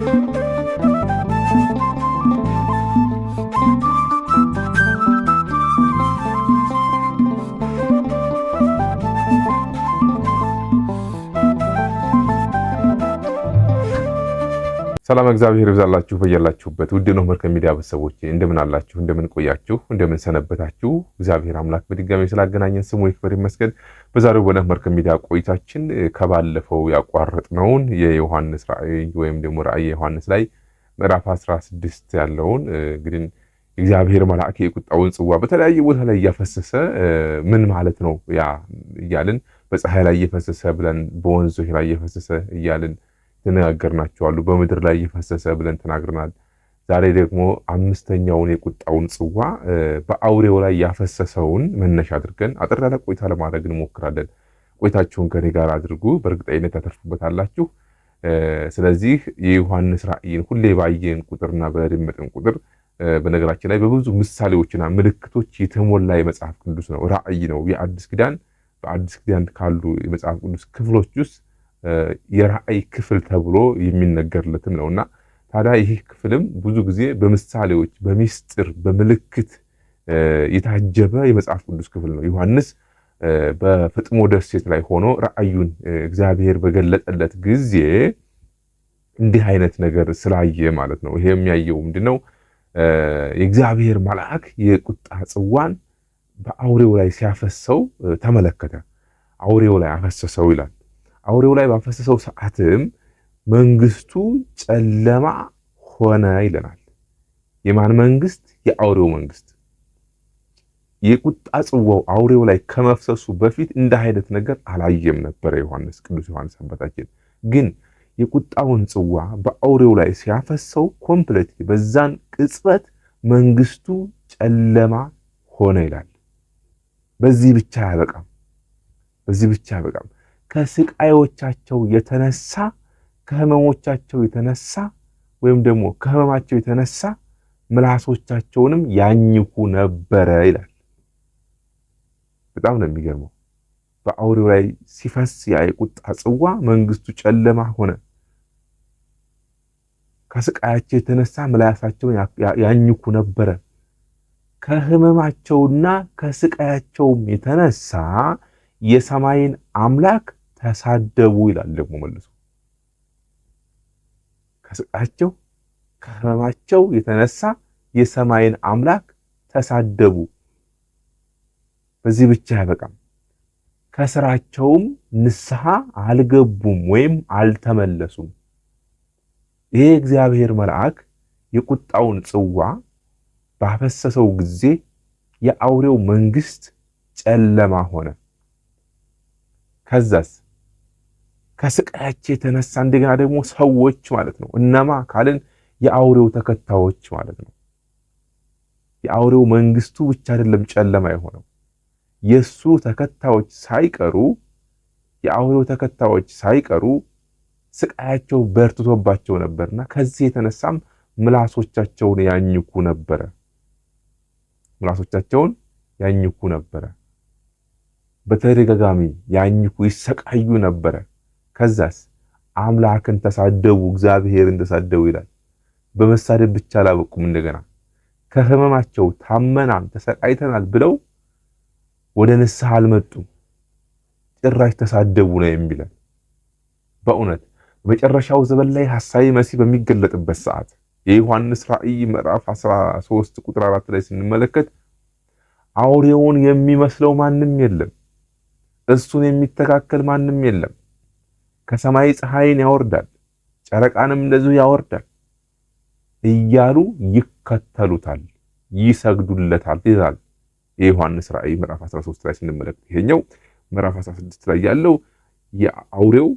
you ሰላም እግዚአብሔር ይብዛላችሁ በያላችሁበት። ውድ ነው መርከብ ሚዲያ ቤተሰቦች እንደምን አላችሁ? እንደምን ቆያችሁ? እንደምን ሰነበታችሁ? እግዚአብሔር አምላክ በድጋሚ ስላገናኘን ስሙ ይክበር ይመስገን። በዛሬው በነህ መርከብ ሚዲያ ቆይታችን ከባለፈው ያቋረጥነውን የዮሐንስ ራእይ ወይም ደግሞ ራእይ ዮሐንስ ላይ ምዕራፍ 16 ያለውን እንግዲህ እግዚአብሔር መልአክ የቁጣውን ጽዋ በተለያየ ቦታ ላይ እያፈሰሰ ምን ማለት ነው ያ እያልን በፀሐይ ላይ እየፈሰሰ ብለን በወንዞች ላይ እየፈሰሰ እያልን ተነጋገርናቸዋሉ። በምድር ላይ እየፈሰሰ ብለን ተናግረናል። ዛሬ ደግሞ አምስተኛውን የቁጣውን ጽዋ በአውሬው ላይ ያፈሰሰውን መነሻ አድርገን አጠር ያለ ቆይታ ለማድረግ እንሞክራለን። ቆይታችሁን ከኔ ጋር አድርጉ፣ በእርግጠኝነት ታተርፉበታላችሁ። ስለዚህ የዮሐንስ ራእይን ሁሌ ባየን ቁጥርና በደመጥን ቁጥር በነገራችን ላይ በብዙ ምሳሌዎችና ምልክቶች የተሞላ የመጽሐፍ ቅዱስ ነው፣ ራእይ ነው። የአዲስ ኪዳን በአዲስ ኪዳን ካሉ የመጽሐፍ ቅዱስ ክፍሎች ውስጥ የራእይ ክፍል ተብሎ የሚነገርለትም ነውና ታዲያ ይህ ክፍልም ብዙ ጊዜ በምሳሌዎች፣ በሚስጥር፣ በምልክት የታጀበ የመጽሐፍ ቅዱስ ክፍል ነው። ዮሐንስ በፍጥሞ ደሴት ላይ ሆኖ ራእዩን እግዚአብሔር በገለጠለት ጊዜ እንዲህ አይነት ነገር ስላየ ማለት ነው። ይሄ የሚያየው ምንድነው? የእግዚአብሔር መልአክ የቁጣ ጽዋን በአውሬው ላይ ሲያፈሰው ተመለከተ። አውሬው ላይ አፈሰሰው ይላል። አውሬው ላይ ባፈሰሰው ሰዓትም መንግስቱ ጨለማ ሆነ ይለናል። የማን መንግስት? የአውሬው መንግስት። የቁጣ ጽዋው አውሬው ላይ ከመፍሰሱ በፊት እንደ አይነት ነገር አላየም ነበረ ዮሐንስ ቅዱስ ዮሐንስ አባታችን ግን የቁጣውን ጽዋ በአውሬው ላይ ሲያፈሰው ኮምፕሌት በዛን ቅጽበት መንግስቱ ጨለማ ሆነ ይላል። በዚህ ብቻ አያበቃም። በዚህ ብቻ አያበቃም። ከስቃዮቻቸው የተነሳ ከህመሞቻቸው የተነሳ ወይም ደግሞ ከህመማቸው የተነሳ ምላሶቻቸውንም ያኝኩ ነበረ ይላል። በጣም ነው የሚገርመው። በአውሬው ላይ ሲፈስ ያ የቁጣ ጽዋ መንግስቱ ጨለማ ሆነ። ከስቃያቸው የተነሳ ምላሳቸውን ያኝኩ ነበረ። ከህመማቸውና ከስቃያቸውም የተነሳ የሰማይን አምላክ ተሳደቡ ይላል ደግሞ መልሶ ከስቃቸው ከህመማቸው የተነሳ የሰማይን አምላክ ተሳደቡ። በዚህ ብቻ አይበቃም። ከስራቸውም ንስሐ አልገቡም ወይም አልተመለሱም። ይሄ እግዚአብሔር መልአክ የቁጣውን ጽዋ ባፈሰሰው ጊዜ የአውሬው መንግስት ጨለማ ሆነ። ከዛስ ከስቃያቸው የተነሳ እንደገና ደግሞ ሰዎች ማለት ነው። እነማ ካልን የአውሬው ተከታዮች ማለት ነው። የአውሬው መንግስቱ ብቻ አይደለም ጨለማ የሆነው የሱ ተከታዮች ሳይቀሩ የአውሬው ተከታዮች ሳይቀሩ ስቃያቸው በርትቶባቸው ነበርና ከዚህ የተነሳም ምላሶቻቸውን ያኝኩ ነበረ። ምላሶቻቸውን ያኝኩ ነበረ። በተደጋጋሚ ያኝኩ ይሰቃዩ ነበረ። ከዛስ አምላክን ተሳደቡ፣ እግዚአብሔርን ተሳደቡ ይላል። በመሳደብ ብቻ አላበቁም። እንደገና ከህመማቸው ታመናል፣ ተሰቃይተናል ብለው ወደ ንስሐ አልመጡም። ጭራሽ ተሳደቡ ነው የሚለን። በእውነት በመጨረሻው ዘመን ላይ ሐሳዊ መሲህ በሚገለጥበት ሰዓት የዮሐንስ ራእይ ምዕራፍ 13 ቁጥር 4 ላይ ስንመለከት አውሬውን የሚመስለው ማንም የለም፣ እሱን የሚተካከል ማንም የለም ከሰማይ ፀሐይን ያወርዳል፣ ጨረቃንም እንደዚሁ ያወርዳል እያሉ ይከተሉታል፣ ይሰግዱለታል ይላል የዮሐንስ ራእይ ምዕራፍ 13 ላይ ስንመለከት። ይሄኛው ምዕራፍ 16 ላይ ያለው የአውሬው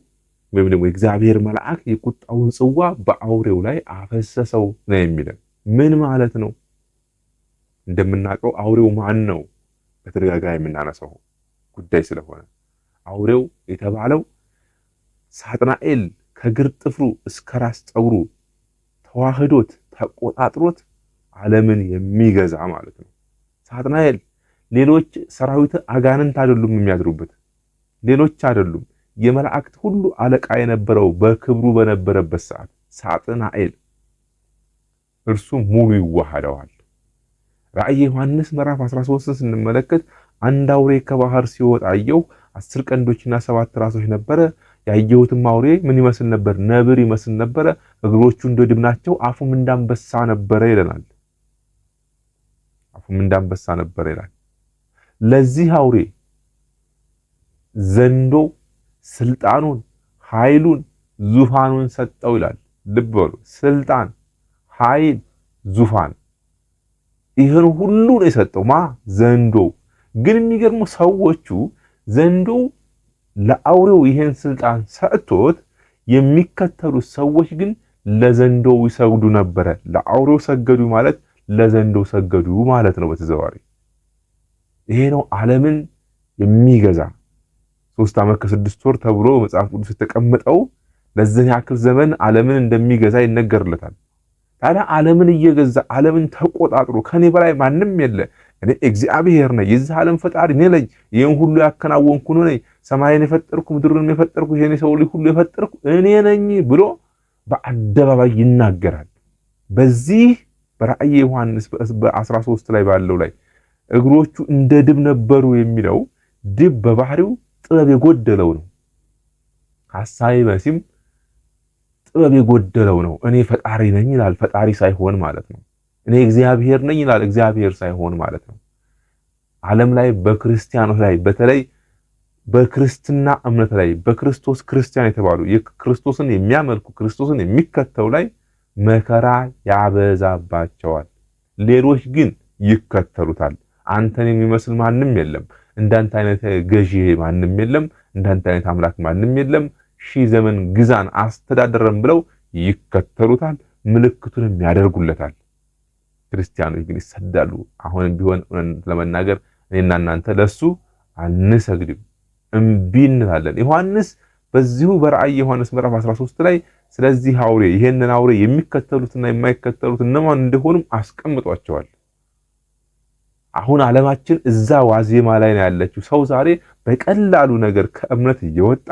ወይም ደግሞ የእግዚአብሔር መልአክ የቁጣውን ጽዋ በአውሬው ላይ አፈሰሰው ነው የሚለን። ምን ማለት ነው? እንደምናውቀው አውሬው ማን ነው? በተደጋጋሚ የምናነሳው ጉዳይ ስለሆነ አውሬው የተባለው ሳጥናኤል ከግር ጥፍሩ እስከ ራስ ፀጉሩ ተዋህዶት ተቆጣጥሮት ዓለምን የሚገዛ ማለት ነው። ሳጥናኤል ሌሎች ሰራዊት አጋንንት አይደሉም የሚያድሩበት ሌሎች አይደሉም። የመላእክት ሁሉ አለቃ የነበረው በክብሩ በነበረበት ሰዓት ሳጥናኤል እርሱ ሙሉ ይዋሃደዋል። ራእይ ዮሐንስ ምዕራፍ 13 ስንመለከት አንድ አውሬ ከባህር ሲወጣ አየሁ። አስር ቀንዶችና ሰባት ራሶች ነበረ ያየሁትም አውሬ ምን ይመስል ነበር? ነብር ይመስል ነበረ። እግሮቹ እንደ ድብ ናቸው፣ አፉም እንዳንበሳ ነበረ ይለናል። አፉም እንዳንበሳ ነበረ ይላል። ለዚህ አውሬ ዘንዶ ስልጣኑን፣ ኃይሉን፣ ዙፋኑን ሰጠው ይላል። ልብ በሉ ስልጣን፣ ኃይል፣ ዙፋን ይህን ሁሉ ነው የሰጠው ማ ዘንዶ። ግን የሚገርሙ ሰዎቹ ዘንዶው ለአውሬው ይሄን ስልጣን ሰጥቶት የሚከተሉት ሰዎች ግን ለዘንዶው ይሰግዱ ነበረ። ለአውሬው ሰገዱ ማለት ለዘንዶው ሰገዱ ማለት ነው በተዘዋዋሪ። ይሄ ነው ዓለምን የሚገዛ ሶስት ዓመት ከስድስት ወር ተብሎ መጽሐፍ ቅዱስ የተቀመጠው ለዚህ ያክል ዘመን ዓለምን እንደሚገዛ ይነገርለታል። ታዲያ ዓለምን እየገዛ ዓለምን ተቆጣጥሮ ከኔ በላይ ማንም የለ እኔ እግዚአብሔር ነኝ፣ የዚህ ዓለም ፈጣሪ እኔ ነኝ። ይህን ሁሉ ያከናወንኩ እኔ ነኝ፣ ሰማይን የፈጠርኩ ምድርን የፈጠርኩ ይሄን ሰው ልጅ ሁሉ የፈጠርኩ እኔ ነኝ ብሎ በአደባባይ ይናገራል። በዚህ በራእየ ዮሐንስ በ13 ላይ ባለው ላይ እግሮቹ እንደ ድብ ነበሩ የሚለው ድብ በባህሪው ጥበብ የጎደለው ነው። ሐሳዊ መሲም ጥበብ የጎደለው ነው። እኔ ፈጣሪ ነኝ ይላል፣ ፈጣሪ ሳይሆን ማለት ነው። እኔ እግዚአብሔር ነኝ ይላል፣ እግዚአብሔር ሳይሆን ማለት ነው። ዓለም ላይ በክርስቲያኖች ላይ በተለይ በክርስትና እምነት ላይ በክርስቶስ ክርስቲያን የተባሉ ክርስቶስን የሚያመልኩ ክርስቶስን የሚከተሉ ላይ መከራ ያበዛባቸዋል። ሌሎች ግን ይከተሉታል። አንተን የሚመስል ማንም የለም። እንዳንተ አይነት ገዢ ማንም የለም። እንዳንተ አይነት አምላክ ማንም የለም። ሺህ ዘመን ግዛን አስተዳደረን ብለው ይከተሉታል። ምልክቱንም ያደርጉለታል። ክርስቲያኖች ግን ይሰዳሉ። አሁንም ቢሆን እውነት ለመናገር እኔና እናንተ ለሱ አንሰግድም፣ እምቢ እንላለን። ዮሐንስ በዚሁ በራእይ ዮሐንስ ምዕራፍ 13 ላይ ስለዚህ አውሬ ይሄንን አውሬ የሚከተሉትና የማይከተሉት እነማን እንደሆኑም አስቀምጧቸዋል። አሁን ዓለማችን እዛ ዋዜማ ላይ ነው ያለችው። ሰው ዛሬ በቀላሉ ነገር ከእምነት እየወጣ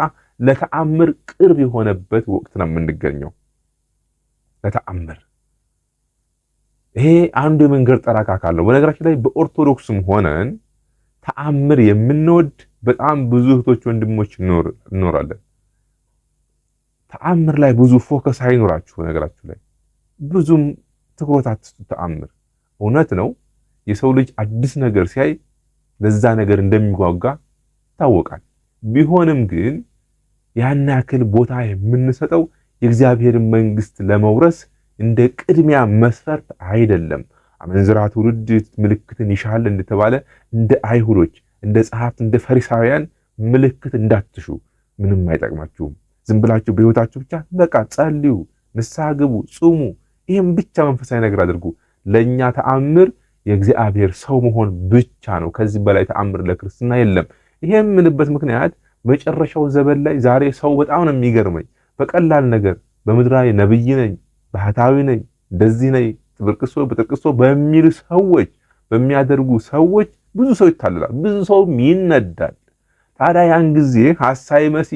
ለተአምር ቅርብ የሆነበት ወቅት ነው የምንገኘው። ለተአምር ይሄ አንዱ የመንገድ ጠራቅ አካል ነው። በነገራችን ላይ በኦርቶዶክስም ሆነን ተአምር የምንወድ በጣም ብዙ እህቶች ወንድሞች እንኖራለን። ተአምር ላይ ብዙ ፎከስ አይኖራችሁ። ነገራችሁ ላይ ብዙም ትኩረት አትስጡ። ተአምር እውነት ነው። የሰው ልጅ አዲስ ነገር ሲያይ ለዛ ነገር እንደሚጓጓ ይታወቃል። ቢሆንም ግን ያን ያክል ቦታ የምንሰጠው የእግዚአብሔርን መንግስት ለመውረስ እንደ ቅድሚያ መስፈርት አይደለም። አመንዝራ ትውልድ ምልክትን ይሻል እንደተባለ እንደ አይሁዶች፣ እንደ ጸሐፍት፣ እንደ ፈሪሳውያን ምልክት እንዳትሹ። ምንም አይጠቅማችሁም። ዝም ብላችሁ ብቻ በቃ ጸልዩ፣ ንስሐ ግቡ፣ ጹሙ። ይህም ብቻ መንፈሳዊ ነገር አድርጉ። ለእኛ ተአምር የእግዚአብሔር ሰው መሆን ብቻ ነው። ከዚህ በላይ ተአምር ለክርስትና የለም። ይሄ የምንበት ምክንያት መጨረሻው ዘመን ላይ ዛሬ ሰው በጣም ነው የሚገርመኝ። በቀላል ነገር በምድራዊ ነብይ ነኝ ባህታዊ ነኝ እንደዚህ ነኝ ጥብርቅሶ በጥርቅሶ በሚሉ ሰዎች በሚያደርጉ ሰዎች ብዙ ሰው ይታለላል፣ ብዙ ሰው ይነዳል። ታዲያ ያን ጊዜ ሐሳይ መሲ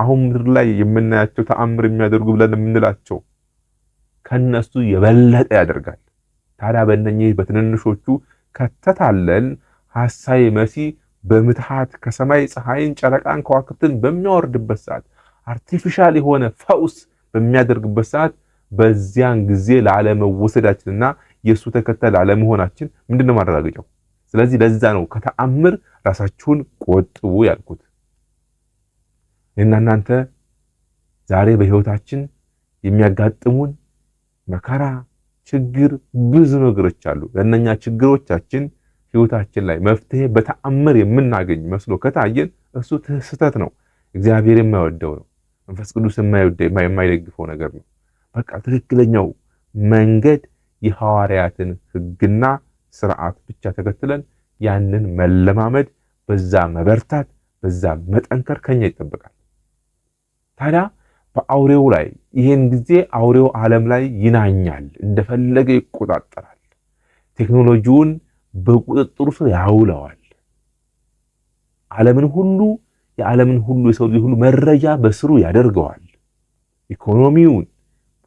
አሁን ምድር ላይ የምናያቸው ተአምር የሚያደርጉ ብለን የምንላቸው ከነሱ የበለጠ ያደርጋል። ታዲያ በእነኚህ በትንንሾቹ ከተታለን ሐሳይ መሲ በምትሃት ከሰማይ ፀሐይን፣ ጨረቃን፣ ከዋክብትን በሚያወርድበት ሰዓት አርቲፊሻል የሆነ ፈውስ በሚያደርግበት ሰዓት በዚያን ጊዜ ላለመወሰዳችንና የእሱ ተከታይ ላለመሆናችን ምንድነው ማረጋገጫው? ስለዚህ ለዛ ነው ከተአምር ራሳችሁን ቆጥቡ ያልኩት። እና እናንተ ዛሬ በህይወታችን የሚያጋጥሙን መከራ፣ ችግር ብዙ ነገሮች አሉ። ለእነኛ ችግሮቻችን ህይወታችን ላይ መፍትሄ በተአምር የምናገኝ መስሎ ከታየን እሱ ስህተት ነው። እግዚአብሔር የማይወደው ነው። መንፈስ ቅዱስ የማይደግፈው ነገር ነው። በቃ ትክክለኛው መንገድ የሐዋርያትን ሕግና ስርዓት ብቻ ተከትለን ያንን መለማመድ፣ በዛ መበርታት፣ በዛ መጠንከር ከኛ ይጠበቃል። ታዲያ በአውሬው ላይ ይህን ጊዜ አውሬው ዓለም ላይ ይናኛል፣ እንደፈለገ ይቆጣጠራል፣ ቴክኖሎጂውን በቁጥጥሩ ስር ያውለዋል። ዓለምን ሁሉ የዓለምን ሁሉ የሰው ልጅ ሁሉ መረጃ በስሩ ያደርገዋል። ኢኮኖሚውን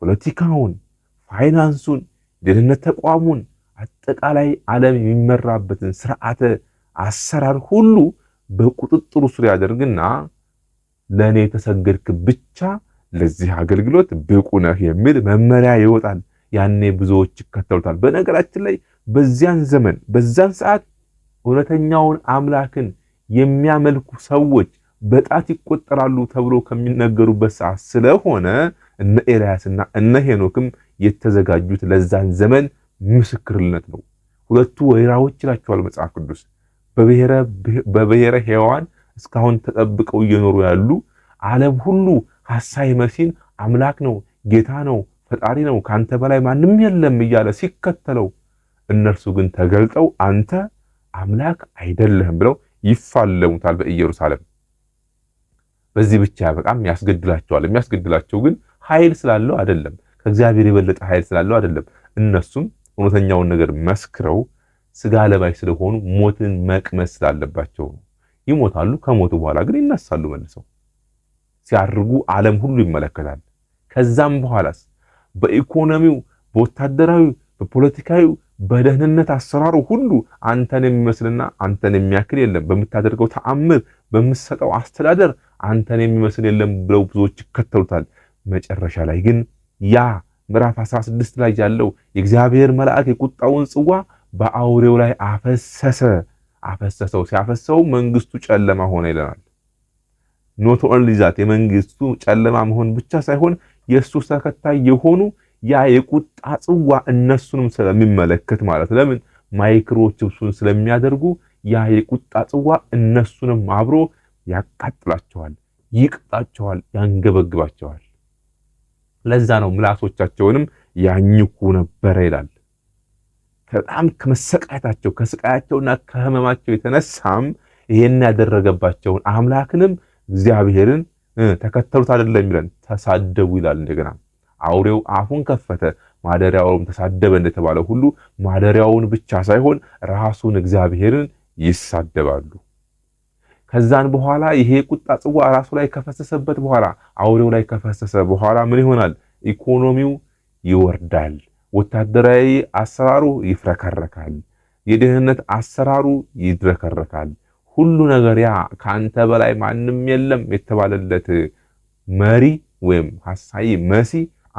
ፖለቲካውን፣ ፋይናንሱን፣ የደህንነት ተቋሙን አጠቃላይ ዓለም የሚመራበትን ስርዓተ አሰራር ሁሉ በቁጥጥሩ ስር ያደርግና ለእኔ የተሰገድክ ብቻ ለዚህ አገልግሎት ብቁ ነህ የሚል መመሪያ ይወጣል። ያኔ ብዙዎች ይከተሉታል። በነገራችን ላይ በዚያን ዘመን በዛን ሰዓት እውነተኛውን አምላክን የሚያመልኩ ሰዎች በጣት ይቆጠራሉ ተብሎ ከሚነገሩበት ሰዓት ስለሆነ እነ ኤልያስና እነ ሄኖክም የተዘጋጁት ለዛን ዘመን ምስክርነት ነው። ሁለቱ ወይራዎች ይላቸዋል መጽሐፍ ቅዱስ በብሔረ ሕያዋን እስካሁን ተጠብቀው እየኖሩ ያሉ ዓለም ሁሉ ሐሳይ መሲን አምላክ ነው፣ ጌታ ነው፣ ፈጣሪ ነው፣ ከአንተ በላይ ማንም የለም እያለ ሲከተለው፣ እነርሱ ግን ተገልጠው አንተ አምላክ አይደለህም ብለው ይፋለሙታል በኢየሩሳሌም። በዚህ ብቻ በጣም ያስገድላቸዋል። የሚያስገድላቸው ግን ኃይል ስላለው አይደለም፣ ከእግዚአብሔር የበለጠ ኃይል ስላለው አይደለም። እነሱም እውነተኛውን ነገር መስክረው ስጋ ለባይ ስለሆኑ ሞትን መቅመስ ስላለባቸው ነው። ይሞታሉ። ከሞቱ በኋላ ግን ይነሳሉ መልሰው ሲያርጉ ዓለም ሁሉ ይመለከታል። ከዛም በኋላስ በኢኮኖሚው፣ በወታደራዊ፣ በፖለቲካዊ፣ በደህንነት አሰራሩ ሁሉ አንተን የሚመስልና አንተን የሚያክል የለም፣ በምታደርገው ተአምር፣ በምትሰጠው አስተዳደር አንተን የሚመስል የለም ብለው ብዙዎች ይከተሉታል። መጨረሻ ላይ ግን ያ ምዕራፍ 16 ላይ ያለው የእግዚአብሔር መልአክ የቁጣውን ጽዋ በአውሬው ላይ አፈሰሰ አፈሰሰው ሲያፈሰው መንግስቱ ጨለማ ሆነ ይለናል። ኖት ኦንሊ ዛት የመንግስቱ ጨለማ መሆን ብቻ ሳይሆን የእሱ ተከታይ የሆኑ ያ የቁጣ ጽዋ እነሱንም ስለሚመለከት ማለት ለምን ማይክሮቺፑን ስለሚያደርጉ ያ የቁጣ ጽዋ እነሱንም አብሮ ያቃጥላቸዋል፣ ይቅጣቸዋል፣ ያንገበግባቸዋል። ለዛ ነው ምላሶቻቸውንም ያኝኩ ነበረ ይላል። በጣም ከመሰቃየታቸው ከስቃያቸውና ከህመማቸው የተነሳም ይሄን ያደረገባቸውን አምላክንም እግዚአብሔርን ተከተሉት አይደለም ይለን ተሳደቡ ይላል። እንደገና አውሬው አፉን ከፈተ ማደሪያውም ተሳደበ እንደተባለ ሁሉ ማደሪያውን ብቻ ሳይሆን ራሱን እግዚአብሔርን ይሳደባሉ። ከዛን በኋላ ይሄ ቁጣ ጽዋ ራሱ ላይ ከፈሰሰበት በኋላ አውሬው ላይ ከፈሰሰ በኋላ ምን ይሆናል? ኢኮኖሚው ይወርዳል። ወታደራዊ አሰራሩ ይፍረከረካል። የደህንነት አሰራሩ ይድረከረካል። ሁሉ ነገር ያ ከአንተ በላይ ማንም የለም የተባለለት መሪ ወይም ሐሳይ መሲ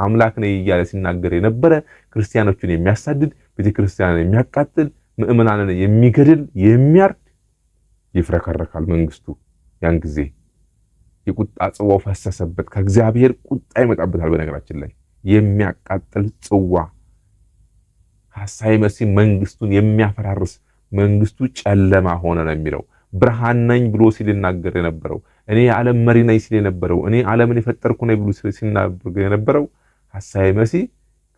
አምላክ ነኝ እያለ ሲናገር የነበረ ክርስቲያኖችን የሚያሳድድ ቤተክርስቲያንን የሚያቃጥል ምእመናንን የሚገድል የሚያርድ ይፍረከረካል መንግስቱ። ያን ጊዜ የቁጣ ጽዋው ፈሰሰበት። ከእግዚአብሔር ቁጣ ይመጣበታል። በነገራችን ላይ የሚያቃጥል ጽዋ ሐሳዌ መሲህ መንግስቱን የሚያፈራርስ መንግስቱ ጨለማ ሆነ ነው የሚለው። ብርሃን ነኝ ብሎ ሲል ይናገር የነበረው እኔ የዓለም መሪ ነኝ ሲል የነበረው እኔ ዓለምን የፈጠርኩ ነኝ ብሎ ሲናገር የነበረው ሐሳዌ መሲህ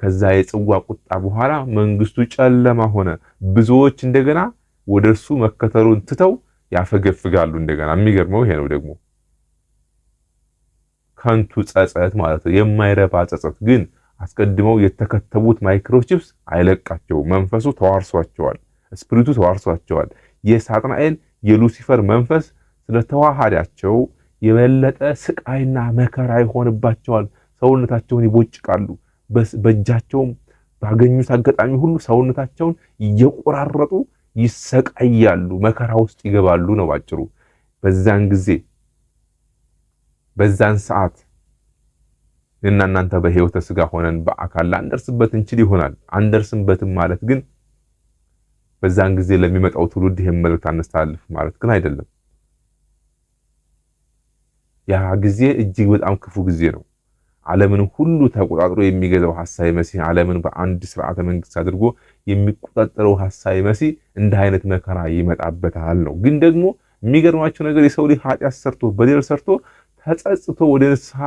ከዛ የጽዋ ቁጣ በኋላ መንግስቱ ጨለማ ሆነ። ብዙዎች እንደገና ወደ እርሱ መከተሉን ትተው ያፈገፍጋሉ። እንደገና የሚገርመው ይሄ ነው ደግሞ ከንቱ ጸጸት ማለት ነው። የማይረባ ጸጸት ግን አስቀድመው የተከተቡት ማይክሮቺፕስ አይለቃቸውም። መንፈሱ ተዋርሷቸዋል፣ ስፒሪቱ ተዋርሷቸዋል። የሳጥናኤል የሉሲፈር መንፈስ ስለተዋሃዳቸው የበለጠ ስቃይና መከራ ይሆንባቸዋል። ሰውነታቸውን ይቦጭቃሉ። በእጃቸውም ባገኙት አጋጣሚ ሁሉ ሰውነታቸውን እየቆራረጡ ይሰቃያሉ፣ መከራ ውስጥ ይገባሉ ነው ባጭሩ። በዛን ጊዜ በዛን ሰዓት እና እናንተ በህይወተ ስጋ ሆነን በአካል ላንደርስበት እንችል ይሆናል። አንደርስበትም ማለት ግን በዛን ጊዜ ለሚመጣው ትውልድ ይሄን መልእክት አነስተላልፍ ማለት ግን አይደለም። ያ ጊዜ እጅግ በጣም ክፉ ጊዜ ነው። ዓለምን ሁሉ ተቆጣጥሮ የሚገዛው ሐሳዊ መሲህ፣ ዓለምን በአንድ ስርዓተ መንግስት አድርጎ የሚቆጣጠረው ሐሳዊ መሲህ እንደ አይነት መከራ ይመጣበታል ነው። ግን ደግሞ የሚገርማቸው ነገር የሰው ልጅ ኃጢአት ሰርቶ በደል ሰርቶ ተጸጽቶ ወደ ንስሐ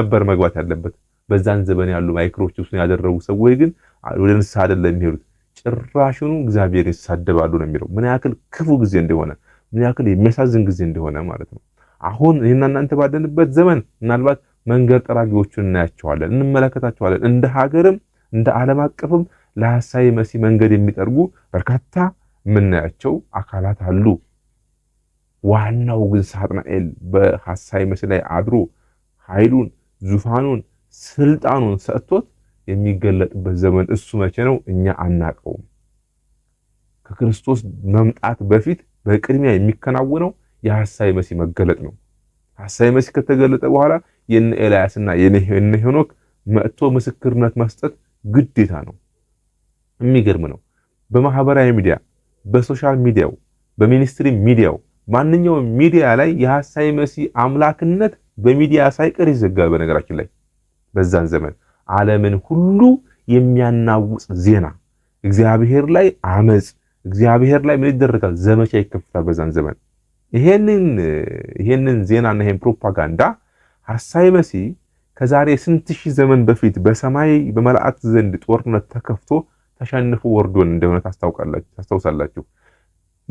ነበር መግባት ያለበት። በዛን ዘመን ያሉ ውስጥ ያደረጉ ሰዎች ግን ወደ ንስሐ አይደለም የሚሄዱት፣ ጭራሹኑ እግዚአብሔር ይሳደባሉ ነው የሚለው። ምን ያክል ክፉ ጊዜ እንደሆነ፣ ምን ያክል የሚያሳዝን ጊዜ እንደሆነ ማለት ነው። አሁን ይህና እናንተ ባለንበት ዘመን ምናልባት መንገድ ጠራጊዎቹን እናያቸዋለን፣ እንመለከታቸዋለን። እንደ ሀገርም እንደ ዓለም አቀፍም ለሐሳዊ መሲህ መንገድ የሚጠርጉ በርካታ የምናያቸው አካላት አሉ። ዋናው ግን ሳጥናኤል በሐሳዊ መሲህ ላይ አድሮ ኃይሉን፣ ዙፋኑን፣ ስልጣኑን ሰጥቶት የሚገለጥበት ዘመን እሱ መቼ ነው? እኛ አናቀውም። ከክርስቶስ መምጣት በፊት በቅድሚያ የሚከናወነው የሐሳዊ መሲህ መገለጥ ነው። ሐሳዌ መሲህ ከተገለጠ በኋላ የነ ኤልያስና የነ ሄኖክ መጥቶ ምስክርነት መስጠት ግዴታ ነው። የሚገርም ነው። በማህበራዊ ሚዲያ፣ በሶሻል ሚዲያው፣ በሚኒስትሪ ሚዲያው ማንኛውም ሚዲያ ላይ የሐሳዌ መሲህ አምላክነት በሚዲያ ሳይቀር ይዘጋል። በነገራችን ላይ በዛን ዘመን ዓለምን ሁሉ የሚያናውጽ ዜና እግዚአብሔር ላይ አመጽ፣ እግዚአብሔር ላይ ምን ይደረጋል? ዘመቻ ይከፍታል በዛን ዘመን ይሄንን ይሄንን ዜናና ይሄን ፕሮፓጋንዳ ሐሳዌ መሲህ ከዛሬ ስንት ሺህ ዘመን በፊት በሰማይ በመላእክት ዘንድ ጦርነት ተከፍቶ ተሸንፎ ወርዶን እንደሆነ ታስታውሳላችሁ።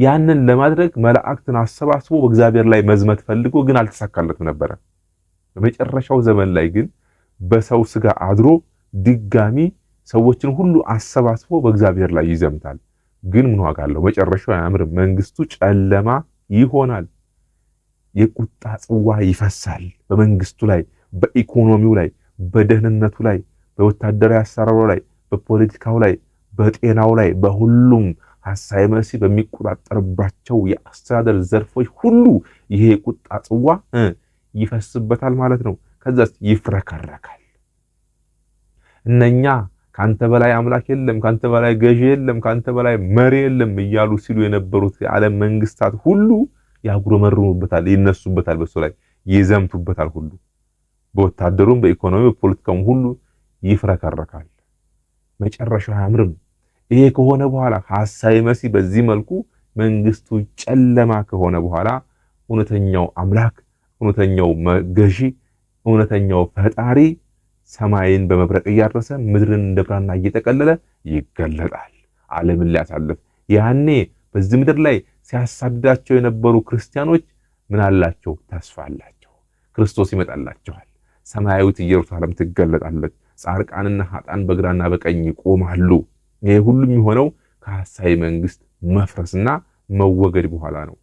ያንን ለማድረግ መላእክትን አሰባስቦ በእግዚአብሔር ላይ መዝመት ፈልጎ ግን አልተሳካለትም ነበረ። በመጨረሻው ዘመን ላይ ግን በሰው ስጋ አድሮ ድጋሚ ሰዎችን ሁሉ አሰባስቦ በእግዚአብሔር ላይ ይዘምታል። ግን ምን ዋጋ አለው? መጨረሻው አያምርም። መንግስቱ ጨለማ ይሆናል። የቁጣ ጽዋ ይፈሳል በመንግስቱ ላይ፣ በኢኮኖሚው ላይ፣ በደህንነቱ ላይ፣ በወታደራዊ አሰራሩ ላይ፣ በፖለቲካው ላይ፣ በጤናው ላይ፣ በሁሉም ሐሳዊ መሲህ በሚቆጣጠርባቸው የአስተዳደር ዘርፎች ሁሉ ይሄ የቁጣ ጽዋ ይፈስበታል ማለት ነው። ከዛስ ይፍረከረካል እነኛ ካንተ በላይ አምላክ የለም፣ ካንተ በላይ ገዢ የለም፣ ካንተ በላይ መሪ የለም እያሉ ሲሉ የነበሩት የዓለም መንግስታት ሁሉ ያጉረመርሙበታል፣ ይነሱበታል፣ በሱ ላይ ይዘምቱበታል። ሁሉ በወታደሩም በኢኮኖሚ በፖለቲካውም ሁሉ ይፍረከረካል። መጨረሻው አያምርም። ይሄ ከሆነ በኋላ ሐሳዌ መሲህ በዚህ መልኩ መንግስቱ ጨለማ ከሆነ በኋላ እውነተኛው አምላክ እውነተኛው ገዢ እውነተኛው ፈጣሪ ሰማይን በመብረቅ እያረሰ ምድርን እንደ ብራና እየጠቀለለ ይገለጣል። ዓለምን ሊያሳልፍ ያኔ በዚህ ምድር ላይ ሲያሳድዳቸው የነበሩ ክርስቲያኖች ምን አላቸው? ተስፋ አላቸው። ክርስቶስ ይመጣላቸዋል። ሰማያዊት ኢየሩሳሌም ትገለጣለች። ጻርቃንና ሀጣን በግራና በቀኝ ይቆማሉ። ይሄ ሁሉም የሆነው ከሐሳዊ መንግስት መፍረስና መወገድ በኋላ ነው።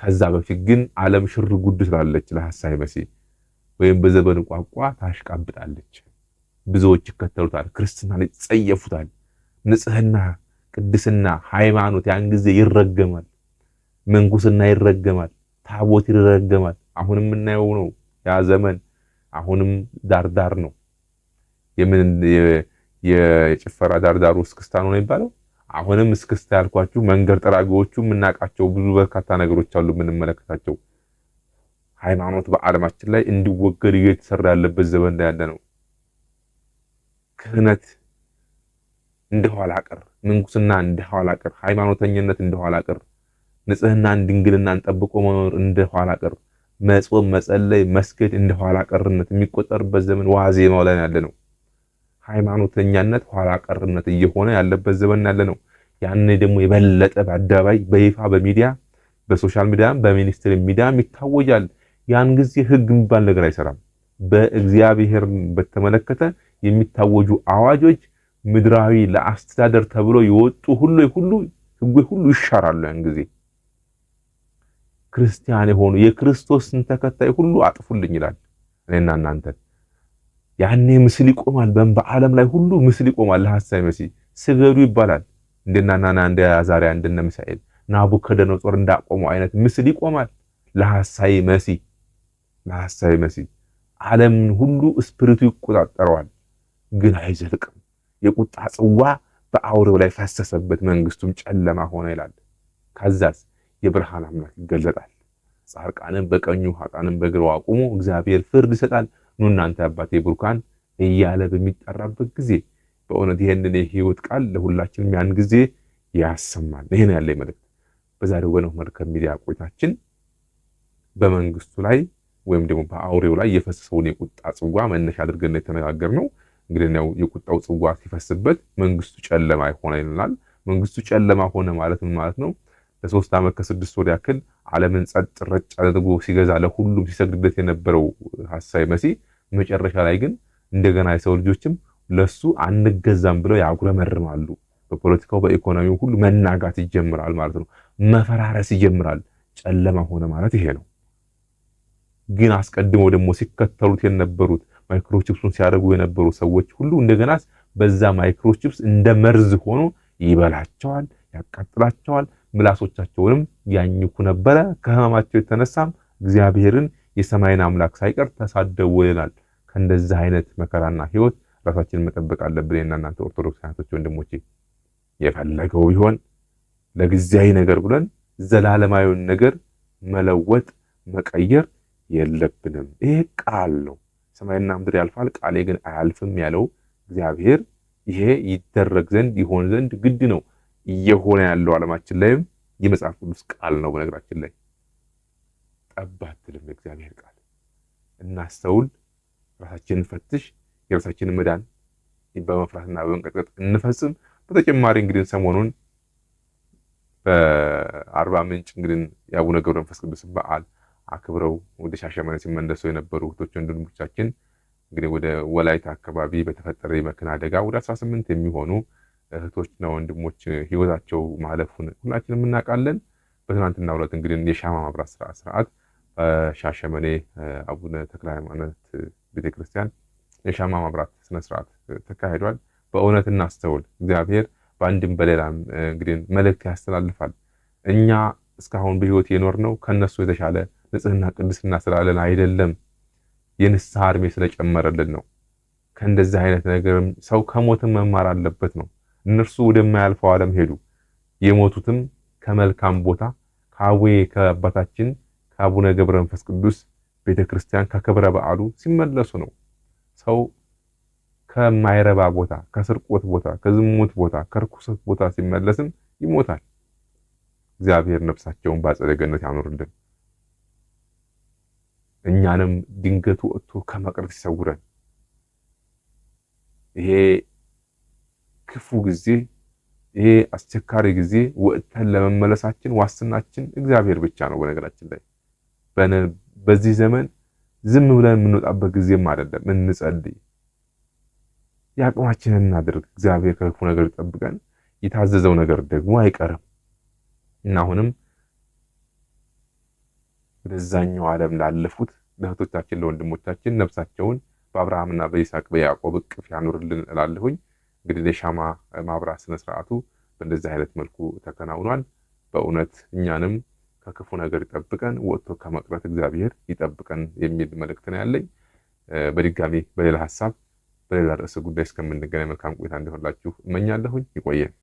ከዛ በፊት ግን ዓለም ሽር ጉድ ስላለች ለሐሳዊ መሲህ ወይም በዘመን ቋንቋ ታሽቃብጣለች። ብዙዎች ይከተሉታል፣ ክርስትናን ይጸየፉታል። ንጽህና፣ ቅድስና፣ ሃይማኖት ያን ጊዜ ይረገማል። መንኩስና ይረገማል። ታቦት ይረገማል። አሁን የምናየው ነው። ያ ዘመን አሁንም ዳርዳር ነው። የምን የጭፈራ ዳርዳሩ እስክስታ ነው የሚባለው። አሁንም እስክስታ ያልኳችሁ መንገድ ጠራጊዎቹ የምናውቃቸው ብዙ በርካታ ነገሮች አሉ የምንመለከታቸው። ሃይማኖት በዓለማችን ላይ እንዲወገድ እየተሰራ ያለበት ዘመን ላይ ያለ ነው። ክህነት እንደ ኋላ ቀር፣ ምንኩስና እንደ ኋላ ቀር፣ ሃይማኖተኝነት እንደ ኋላ ቀር፣ ንጽህናን ድንግልናን ጠብቆ መኖር እንደ ኋላ ቀር፣ መጾም መጸለይ መስገድ እንደ ኋላ ቀርነት የሚቆጠርበት ዘመን ዋዜማው ላይ ያለ ነው። ሃይማኖተኛነት ኋላ ቀርነት እየሆነ ያለበት ዘመን ያለ ነው። ያኔ ደግሞ የበለጠ በአደባባይ በይፋ በሚዲያ በሶሻል ሚዲያም በሚኒስትር ሚዲያም ይታወጃል። ያን ጊዜ ህግ የሚባል ነገር አይሰራም። በእግዚአብሔር በተመለከተ የሚታወጁ አዋጆች ምድራዊ ለአስተዳደር ተብሎ የወጡ ሁሉ ሁሉ ህጎች ሁሉ ይሻራሉ። ያን ጊዜ ክርስቲያን የሆኑ የክርስቶስን ተከታይ ሁሉ አጥፉልኝ ይላል። እኔና እናንተ ያኔ ምስል ይቆማል። በዓለም ላይ ሁሉ ምስል ይቆማል። ለሐሳዌ መሲ ስገዱ ይባላል። እንደናናና እንደ አዛሪያ እንደነ ሚሳኤል ናቡከደነጾር እንዳቆመው አይነት ምስል ይቆማል ለሐሳዌ መሲህ ለሐሳዊ መሲል ዓለምን ሁሉ ስፕሪቱ ይቆጣጠረዋል፣ ግን አይዘልቅም። የቁጣ ጽዋ በአውሬው ላይ ፈሰሰበት፣ መንግስቱም ጨለማ ሆነ ይላል። ከዛስ የብርሃን አምላክ ይገለጣል። ጻርቃንም በቀኙ ኃጣንም በግራው አቁሞ እግዚአብሔር ፍርድ ይሰጣል። ኑ እናንተ አባቴ ብሩካን እያለ በሚጠራበት ጊዜ በእውነት ይህንን የህይወት ቃል ለሁላችንም ያን ጊዜ ያሰማል። ይሄን ያለ መልእክት በዛሬው በኖህ መርከብ ሚዲያ ቆይታችን በመንግስቱ ላይ ወይም ደግሞ በአውሬው ላይ የፈሰሰውን የቁጣ ጽዋ መነሻ አድርገን የተነጋገር ነው። እንግዲህ የቁጣው ጽዋ ሲፈስበት መንግስቱ ጨለማ ይሆናል ይልናል። መንግስቱ ጨለማ ሆነ ማለት ምን ማለት ነው? ለሶስት ዓመት ከስድስት ወር ያክል ዓለምን ጸጥ ረጭ አድርጎ ሲገዛ ለሁሉም ሲሰግድበት የነበረው ሐሳዊ መሲህ መጨረሻ ላይ ግን እንደገና የሰው ልጆችም ለሱ አንገዛም ብለው ያጉረመርማሉ። በፖለቲካው በኢኮኖሚው ሁሉ መናጋት ይጀምራል ማለት ነው። መፈራረስ ይጀምራል። ጨለማ ሆነ ማለት ይሄ ነው። ግን አስቀድሞ ደግሞ ሲከተሉት የነበሩት ማይክሮቺፕሱን ሲያደርጉ የነበሩ ሰዎች ሁሉ እንደገናስ በዛ ማይክሮቺፕስ እንደ መርዝ ሆኖ ይበላቸዋል፣ ያቃጥላቸዋል፣ ምላሶቻቸውንም ያኝኩ ነበረ። ከህመማቸው የተነሳም እግዚአብሔርን የሰማይን አምላክ ሳይቀር ተሳደቡ ይላል። ከእንደዛ አይነት መከራና ህይወት ራሳችንን መጠበቅ አለብን። እና እናንተ ኦርቶዶክስ አይነቶች ወንድሞቼ የፈለገው ይሆን ለጊዜያዊ ነገር ብለን ዘላለማዊውን ነገር መለወጥ መቀየር የለብንም። ይህ ቃል ነው። ሰማይና ምድር ያልፋል ቃሌ ግን አያልፍም ያለው እግዚአብሔር ይሄ ይደረግ ዘንድ ይሆን ዘንድ ግድ ነው። እየሆነ ያለው ዓለማችን ላይም የመጽሐፍ ቅዱስ ቃል ነው። በነገራችን ላይ ጠባትልም የእግዚአብሔር ቃል። እናስተውል፣ ራሳችንን ፈትሽ፣ የራሳችንን መዳን በመፍራትና በመንቀጥቀጥ እንፈጽም። በተጨማሪ እንግዲህ ሰሞኑን በአርባ ምንጭ እንግዲህ የአቡነ ገብረ መንፈስ ቅዱስ በዓል አክብረው ወደ ሻሸመኔ ሲመለሱ የነበሩ እህቶች ወንድሞቻችን እንግዲህ ወደ ወላይታ አካባቢ በተፈጠረ የመኪና አደጋ ወደ 18 የሚሆኑ እህቶችና ወንድሞች ህይወታቸው ማለፉን ሁላችንም እናውቃለን። በትናንትና ሁለት እንግዲህ የሻማ ማብራት ስርዓት በሻሸመኔ አቡነ ተክለ ሃይማኖት ቤተክርስቲያን የሻማ ማብራት ስነስርዓት ተካሂዷል። በእውነት እናስተውል። እግዚአብሔር በአንድም በሌላም እንግዲህ መልእክት ያስተላልፋል። እኛ እስካሁን በህይወት የኖር ነው ከነሱ የተሻለ ንጽህና ቅድስና ስላለን አይደለም፣ የንስሐ እድሜ ስለጨመረልን ነው። ከእንደዚህ አይነት ነገርም ሰው ከሞትም መማር አለበት ነው። እነርሱ ወደማያልፈው ዓለም ሄዱ። የሞቱትም ከመልካም ቦታ ከአቡዬ ከአባታችን ከአቡነ ገብረ መንፈስ ቅዱስ ቤተ ክርስቲያን ከክብረ በዓሉ ሲመለሱ ነው። ሰው ከማይረባ ቦታ፣ ከስርቆት ቦታ፣ ከዝሙት ቦታ፣ ከርኩሰት ቦታ ሲመለስም ይሞታል። እግዚአብሔር ነፍሳቸውን በአጸደ ገነት እኛንም ድንገቱ ወጥቶ ከመቅረት ይሰውረን። ይሄ ክፉ ጊዜ፣ ይሄ አስቸካሪ ጊዜ ወጥተን ለመመለሳችን ዋስትናችን እግዚአብሔር ብቻ ነው። በነገራችን ላይ በዚህ ዘመን ዝም ብለን የምንወጣበት ጊዜም አይደለም። እንጸልይ፣ የአቅማችንን እናድርግ። እግዚአብሔር ከክፉ ነገር ይጠብቀን። የታዘዘው ነገር ደግሞ አይቀርም እና አሁንም ወደዛኛው ዓለም ላለፉት ለእህቶቻችን ለወንድሞቻችን ነፍሳቸውን በአብርሃምና በይስሐቅ በያዕቆብ እቅፍ ያኑርልን እላለሁኝ። እንግዲህ የሻማ ማብራት ስነስርዓቱ በእንደዚህ አይነት መልኩ ተከናውኗል። በእውነት እኛንም ከክፉ ነገር ይጠብቀን፣ ወጥቶ ከመቅረት እግዚአብሔር ይጠብቀን የሚል መልእክት ነው ያለኝ። በድጋሚ በሌላ ሀሳብ በሌላ ርዕሰ ጉዳይ እስከምንገናኝ መልካም ቆይታ እንዲሆንላችሁ እመኛለሁኝ። ይቆየን።